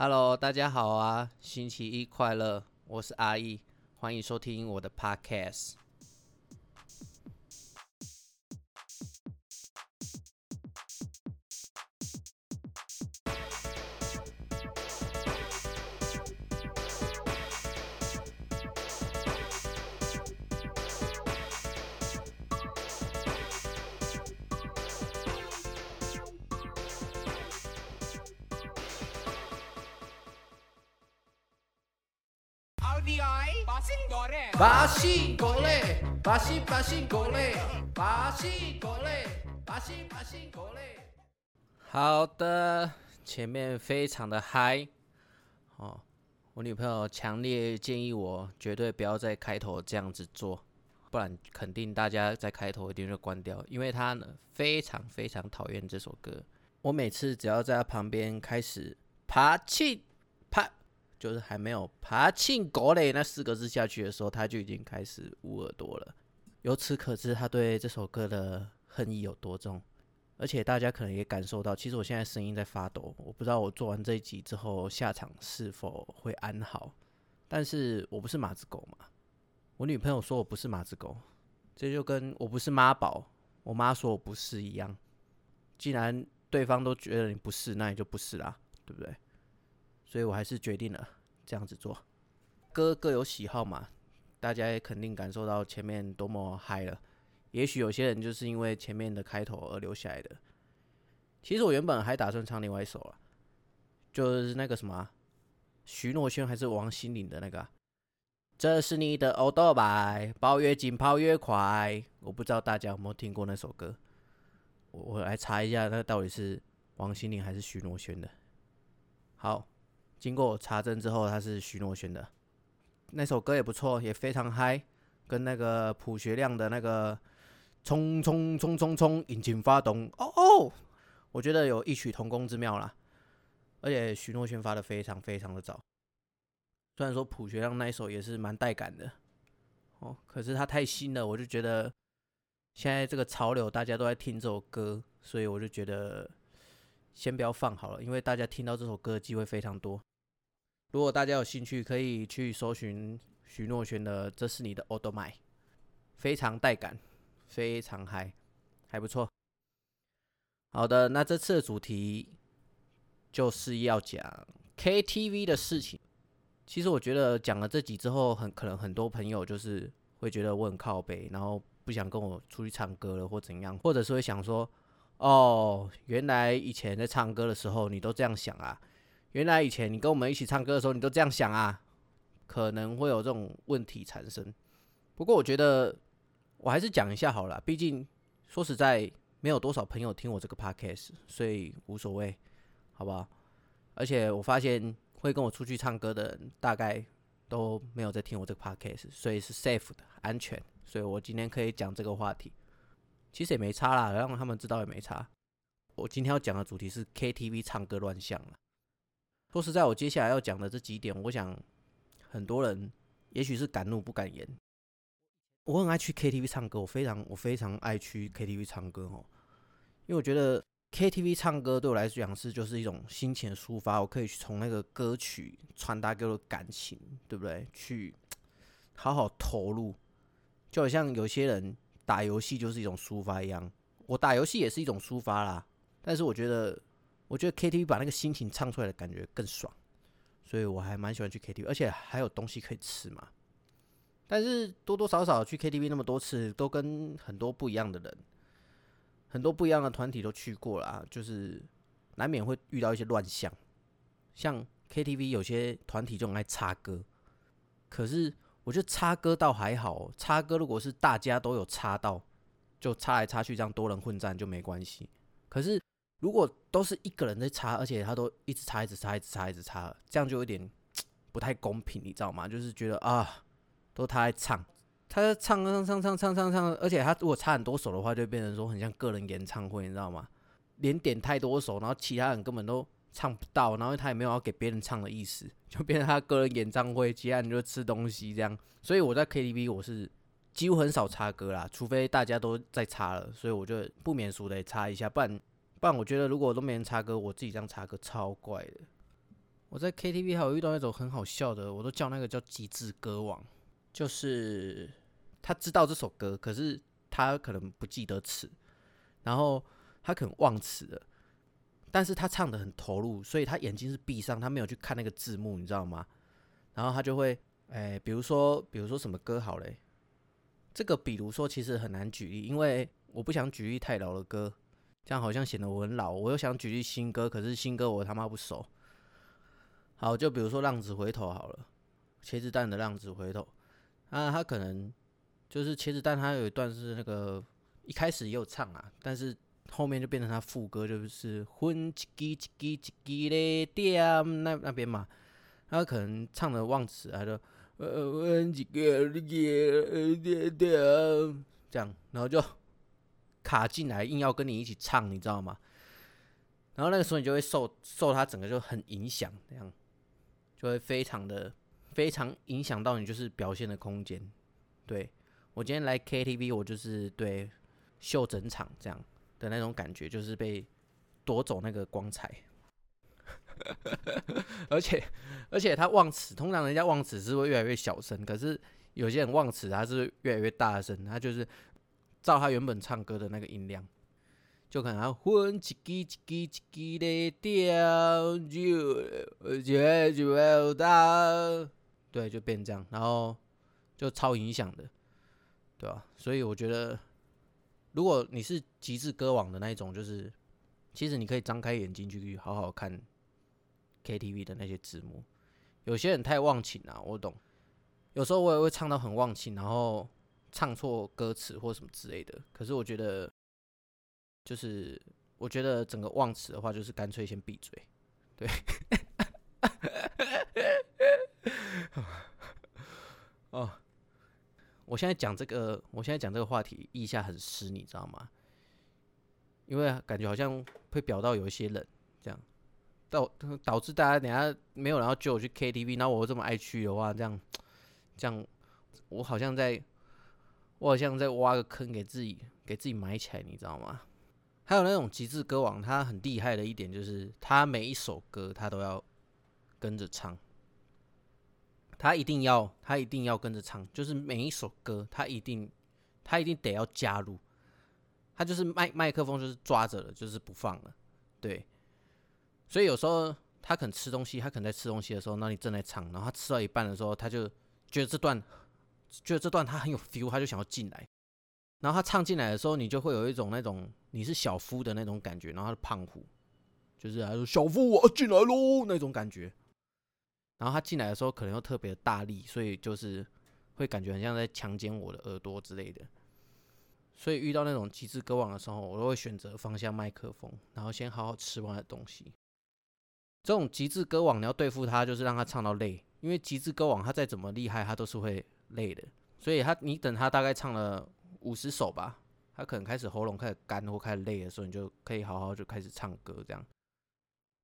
Hello，大家好啊，星期一快樂，我是阿易，歡迎收聽我的 Podcast。好的，前面非常的嗨。我女朋友強烈建議我絕對不要再開頭這樣子做，不然肯定大家在開頭一定就關掉，因為她呢非常非常討厭這首歌。我每次只要在她旁邊開始爬起爬。就是還沒有爬進狗嘞那四個字下去的時候，他就已經開始捂耳朵了。由此可知，他對這首歌的恨意有多重。而且大家可能也感受到，其實我現在聲音在發抖。我不知道我做完這一集之後下場是否會安好。但是我不是馬子狗嘛？我女朋友說我不是馬子狗，這就跟我不是媽寶，我媽說我不是一樣。既然對方都覺得你不是，那你就不是啦，對不對？所以我還是決定了這樣子做歌，歌各有喜好嘛，大家也肯定感受到前面多麼嗨了。也許有些人就是因為前面的開頭而留下來的。其實我原本還打算唱另外一首啊，就是那個什麼、啊，徐若瑄還是王心凌的那個、啊。這是你的歐兜邁，抱越緊跑越快。我不知道大家有沒有聽過那首歌，我我來查一下，那到底是王心凌還是徐若瑄的？好。經過我查證之後，他是許諾軒的那首歌也不錯，也非常嗨，跟那個朴學亮的那個“衝衝衝衝衝”引擎發動哦哦，oh, oh! 我覺得有異曲同工之妙啦。而且許諾軒發的非常非常的早，雖然說朴學亮那一首也是蠻帶感的哦，可是它太新了，我就覺得現在這個潮流大家都在聽這首歌，所以我就覺得先不要放好了，因為大家聽到這首歌的機會非常多。如果大家有興趣，可以去搜尋許諾軒的《這是你的奧特曼》，非常帶感，非常嗨，還不錯。好的，那這次的主題就是要講 KTV 的事情。其實我覺得講了這集之後，很可能很多朋友就是會覺得我很靠北，然後不想跟我出去唱歌了，或怎樣，或者是會想說：“哦，原來以前在唱歌的時候，你都這樣想啊。”原來以前你跟我們一起唱歌的時候，你都這樣想啊？可能會有這種問題產生。不過我覺得我還是講一下好了啦，畢竟說實在沒有多少朋友聽我這個 podcast，所以無所謂，好不好？而且我發現會跟我出去唱歌的人，大概都沒有在聽我這個 podcast，所以是 safe 的安全，所以我今天可以講這個話題。其實也沒差啦，讓他們知道也沒差。我今天要講的主題是 KTV 唱歌亂象了。說實在，我接下來要講的這幾點，我想很多人也許是敢怒不敢言。我很愛去 KTV 唱歌，我非常我非常愛去 KTV 唱歌哦，因為我覺得 KTV 唱歌對我來講是就是一種心情抒發，我可以去從那個歌曲傳達給我的感情，對不對？去好好投入，就好像有些人打遊戲就是一種抒發一樣，我打遊戲也是一種抒發啦。但是我覺得。我覺得 KTV 把那個心情唱出來的感覺更爽，所以我還蠻喜歡去 KTV，而且還有東西可以吃嘛。但是多多少少去 KTV 那麼多次，都跟很多不一樣的人，很多不一樣的團體都去過啦，就是難免會遇到一些亂象。像 KTV 有些團體就很愛插歌，可是我覺得插歌倒還好哦，插歌如果是大家都有插到，就插來插去這樣多人混戰就沒關係。可是如果都是一個人在插，而且他都一直插、一直插、一直插、一直插，這樣就有點不太公平，你知道嗎？就是覺得啊，都他在唱，他在唱、唱、唱、唱、唱、唱，而且他如果插很多首的話，就變成說很像個人演唱會，你知道嗎？連點太多首，然後其他人根本都唱不到，然後他也沒有要給別人唱的意思，就變成他個人演唱會，其他人就吃東西這樣。所以我在 KTV 我是幾乎很少插歌啦，除非大家都在插了，所以我就不免俗的插一下，不然。不然我覺得，如果我都沒人插歌，我自己這樣插歌超怪的。我在 KTV 還有遇到那種很好笑的，我都叫那個叫“極致歌王”，就是他知道這首歌，可是他可能不記得詞，然後他可能忘詞了，但是他唱得很投入，所以他眼睛是閉上，他沒有去看那個字幕，你知道嗎？然後他就會，哎，比如說，比如說什麼歌好嘞？這個比如說其實很難舉例，因為我不想舉例太老的歌。這樣好像顯得我很老。我又想舉例新歌，可是新歌我他媽不熟。好，就比如說《浪子回頭》好了，茄子蛋的《浪子回頭》啊，他可能就是茄子蛋，他有一段是那個一開始也有唱啊，但是後面就變成他副歌，就是“混嘰嘰嘰嘰嘰嘞爹啊”那那邊嘛，他可能唱的忘詞就「呃，混嘰嘰嘰嘞爹爹啊，這樣，然後就。卡進來硬要跟你一起唱，你知道嗎？然後那個時候你就會受受他整個就很影響，這樣就會非常的非常影響到你，就是表現的空間。對我今天來 KTV，我就是對秀整場這樣的那種感覺，就是被奪走那個光彩。 而且而且他忘詞，通常人家忘詞是會越來越小聲，可是有些人忘詞他是越來越大聲，他就是。照他原本唱歌的那個音量，就可能要混一滴，一滴的調，就就就就對，就變這樣，然後就超影響的，對吧，啊？所以我覺得，如果你是極致歌王的那一種，就是其實你可以張開眼睛去好好看 KTV 的那些字幕。有些人太忘情了，啊，我懂。有時候我也會唱到很忘情，然後。唱錯歌詞或什麼之類的，可是我覺得，就是我覺得整個忘詞的話，就是乾脆先閉嘴。對， 哦，我現在講這個，我現在講這個話題，意下很濕，你知道嗎？因為感覺好像會表到有一些冷，這樣導導致大家等下沒有然後揪我去 KTV，然後我這麼愛去的話，這樣這樣，我好像在。我好像在挖個坑給自己給自己埋起來，你知道嗎？還有那種極致歌王，他很厲害的一點就是，他每一首歌他都要跟着唱，他一定要他一定要跟着唱，就是每一首歌他一定他一定得要加入，他就是麥麥克風就是抓着了，就是不放了，對。所以有時候他可能吃東西，他可能在吃東西的時候，那你正在唱，然後他吃到一半的時候，他就覺得這段。覺得這段他很有 feel，他就想要進來。然後他唱進來的時候，你就會有一種那種你是小夫的那種感覺。然後他是胖虎，就是他說小夫，我要進來嘍那種感覺。然後他進來的時候可能又特別大力，所以就是會感覺很像在強姦我的耳朵之類的。所以遇到那種極致歌王的時候，我都會選擇放下麥克風，然後先好好吃完的東西。這種極致歌王你要對付他，就是讓他唱到累，因為極致歌王他再怎麼厲害，他都是會。累的，所以他，你等他大概唱了五十首吧，他可能開始喉嚨開始乾或開始累的時候，你就可以好好就開始唱歌這樣。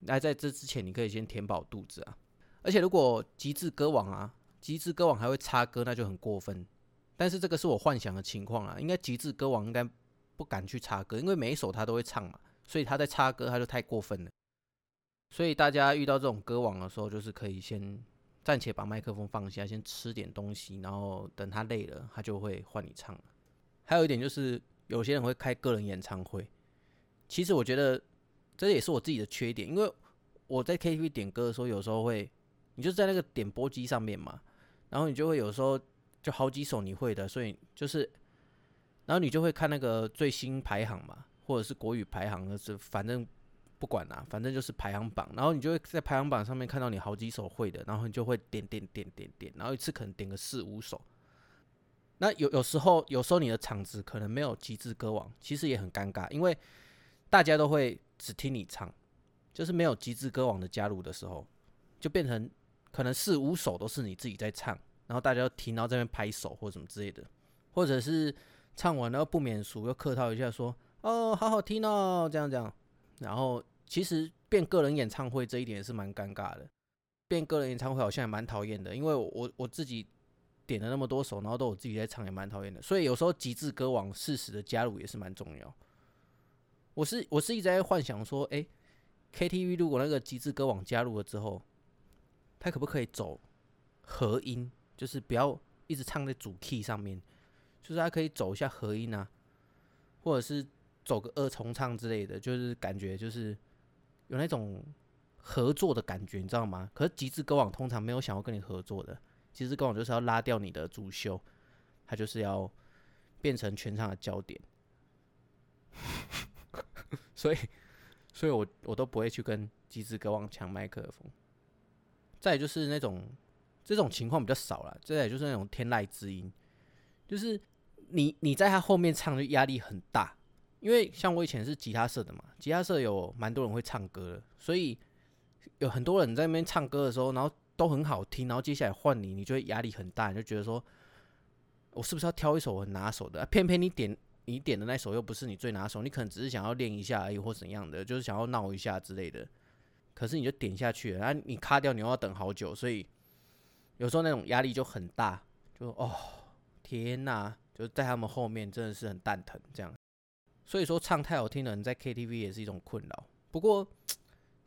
那在這之前，你可以先填飽肚子啊。而且如果極致歌王啊，極致歌王還會插歌，那就很過分。但是這個是我幻想的情況啊，應該極致歌王應該不敢去插歌，因為每一首他都會唱嘛，所以他在插歌他就太過分了。所以大家遇到這種歌王的時候，就是可以先。暫且把麥克風放下，先吃點東西，然後等他累了，他就會換你唱。還有一點就是，有些人會開個人演唱會，其實我覺得這也是我自己的缺點，因為我在 KTV 點歌的時候，有時候會，你就在那個點播機上面嘛，然後你就會有時候就好幾首你會的，所以就是，然後你就會看那個最新排行嘛，或者是國語排行的，是反正。不管啦、啊，反正就是排行榜，然後你就會在排行榜上面看到你好幾首會的，然後你就會點點點點點，然後一次可能點個四五首。那有有時候有時候你的場子可能沒有極致歌王，其實也很尷尬，因為大家都會只聽你唱，就是沒有極致歌王的加入的時候，就變成可能四五首都是你自己在唱，然後大家聽到這邊拍手或者什麼之類的，或者是唱完了不免俗，又客套一下說，哦，好好聽哦，這樣這樣。然後其實變個人演唱會這一點也是蠻尷尬的，變個人演唱會好像也蠻討厭的，因為我我，我自己點了那麼多首，然後都我自己在唱，也蠻討厭的。所以有時候極致歌王適時的加入也是蠻重要。我是我是一直在幻想說誒，KTV 如果那個極致歌王加入了之後，他可不可以走和音？就是不要一直唱在主 key 上面，就是他可以走一下和音啊，或者是。走個二重唱之類的，就是感覺就是有那種合作的感覺，你知道嗎？可是極致歌王通常沒有想要跟你合作的，極致歌王就是要拉掉你的主秀，他就是要變成全場的焦點。 所以，所以我我都不會去跟極致歌王搶麥克風。再就是那種這種情況比較少了，再就是那種天籟之音，就是你你在他後面唱就壓力很大。因為像我以前是吉他社的嘛，吉他社有蠻多人會唱歌的，所以有很多人在那邊唱歌的時候，然後都很好聽，然後接下來換你，你就會壓力很大，你就覺得說我是不是要挑一首很拿手的？啊、偏偏你點你點的那首又不是你最拿手，你可能只是想要練一下而已或是怎樣的，就是想要鬧一下之類的，可是你就點下去了，啊，然後你卡掉，你又要等好久，所以有時候那種壓力就很大，就哦天哪，就在他們後面真的是很蛋疼這樣。所以說唱太好聽的人在 KTV 也是一種困擾。不過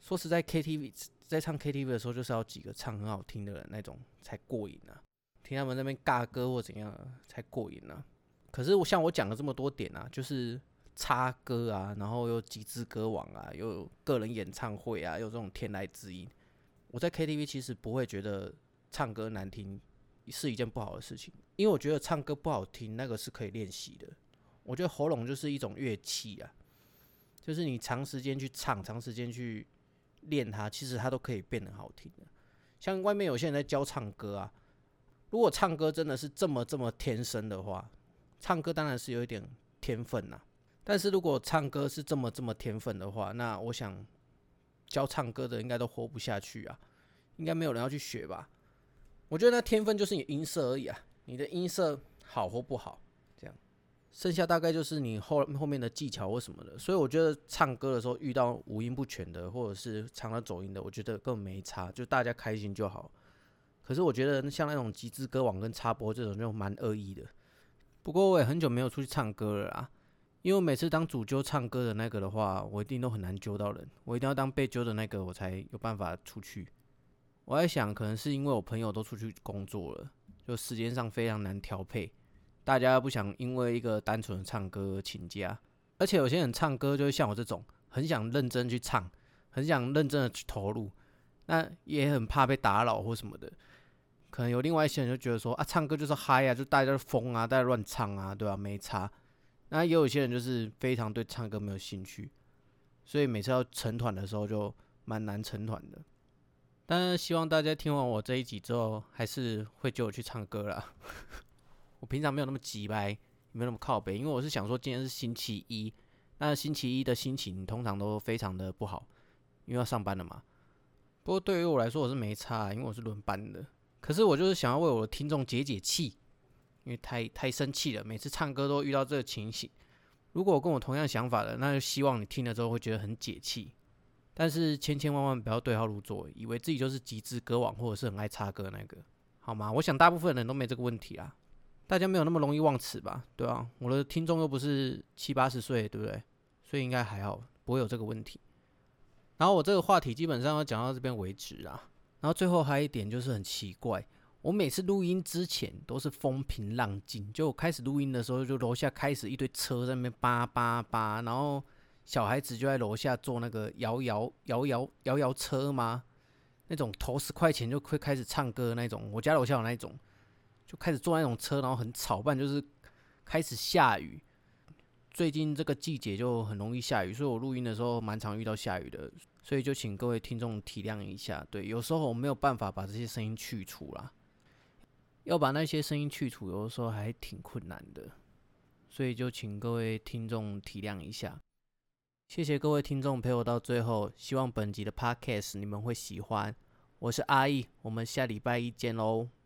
說實在，KTV 在唱 KTV 的時候，就是要幾個唱很好聽的人那種才過癮啊，聽他們那邊尬歌或怎樣、啊、才過癮啊。可是我像我講了這麼多點啊，就是插歌啊，然後又極致歌王啊，又有個人演唱會啊，又有這種天籟之音，我在 KTV 其實不會覺得唱歌難聽是一件不好的事情，因為我覺得唱歌不好聽那個是可以練習的。我覺得喉嚨就是一種樂器啊，就是你長時間去唱，長時間去練它，其實它都可以變得好聽的。像外面有些人在教唱歌啊，如果唱歌真的是這麼這麼天生的話，唱歌當然是有一點天分吶、啊。但是如果唱歌是這麼這麼天分的話，那我想教唱歌的應該都活不下去啊，應該沒有人要去學吧。我覺得那天分就是你音色而已啊，你的音色好或不好。剩下大概就是你後後面的技巧或什麼的，所以我覺得唱歌的時候遇到五音不全的或者是唱了走音的，我覺得更沒差，就大家開心就好。可是我覺得像那種極致歌王跟插播這種就蠻惡意的。不過我也很久沒有出去唱歌了啊，因為我每次當主揪唱歌的那個的話，我一定都很難揪到人，我一定要當被揪的那個，我才有辦法出去。我在想，可能是因為我朋友都出去工作了，就時間上非常難調配。大家不想因為一個單純的唱歌請假，而且有些人唱歌就是像我這種很想認真去唱，很想認真的去投入，那也很怕被打擾或什麼的。可能有另外一些人就覺得說啊，唱歌就是嗨啊，就大家瘋啊，大家亂唱啊，對吧、啊？沒差。那也有些人就是非常對唱歌沒有興趣，所以每次要成團的時候就蠻難成團的。但是希望大家聽完我這一集之後，還是會揪我去唱歌啦。我平常沒有那麼機掰，沒有那麼靠北，因為我是想說今天是星期一，那星期一的心情通常都非常的不好，因為要上班了嘛。不過對於我來說，我是沒差，因為我是輪班的。可是我就是想要為我的聽眾解解氣，因為太太生氣了，每次唱歌都遇到這個情形。如果我跟我同樣想法的，那就希望你聽了之後會覺得很解氣。但是千千萬萬不要對號入座，以為自己就是極致歌王或者是很愛插歌那個，好嗎？我想大部分人都沒這個問題啦。大家沒有那麼容易忘詞吧？對啊，我的聽眾又不是七八十歲，對不對？所以應該還好，不會有這個問題。然後我這個話題基本上要講到這邊為止啊。然後最後還有一點就是很奇怪，我每次錄音之前都是風平浪靜，就我開始錄音的時候，就樓下開始一堆車在那邊叭叭叭，然後小孩子就在樓下坐那個搖搖搖搖搖搖車嗎？那種投十塊錢就會開始唱歌的那種，我家樓下有那一種。就開始坐那種車，然後很吵，不然就是開始下雨。最近這個季節就很容易下雨，所以我錄音的時候蠻常遇到下雨的，所以就請各位聽眾體諒一下。對，有時候我沒有辦法把這些聲音去除啦，要把那些聲音去除，有的時候還挺困難的，所以就請各位聽眾體諒一下。謝謝各位聽眾陪我到最後，希望本集的 Podcast 你們會喜歡。我是阿義，我們下禮拜一見嘍。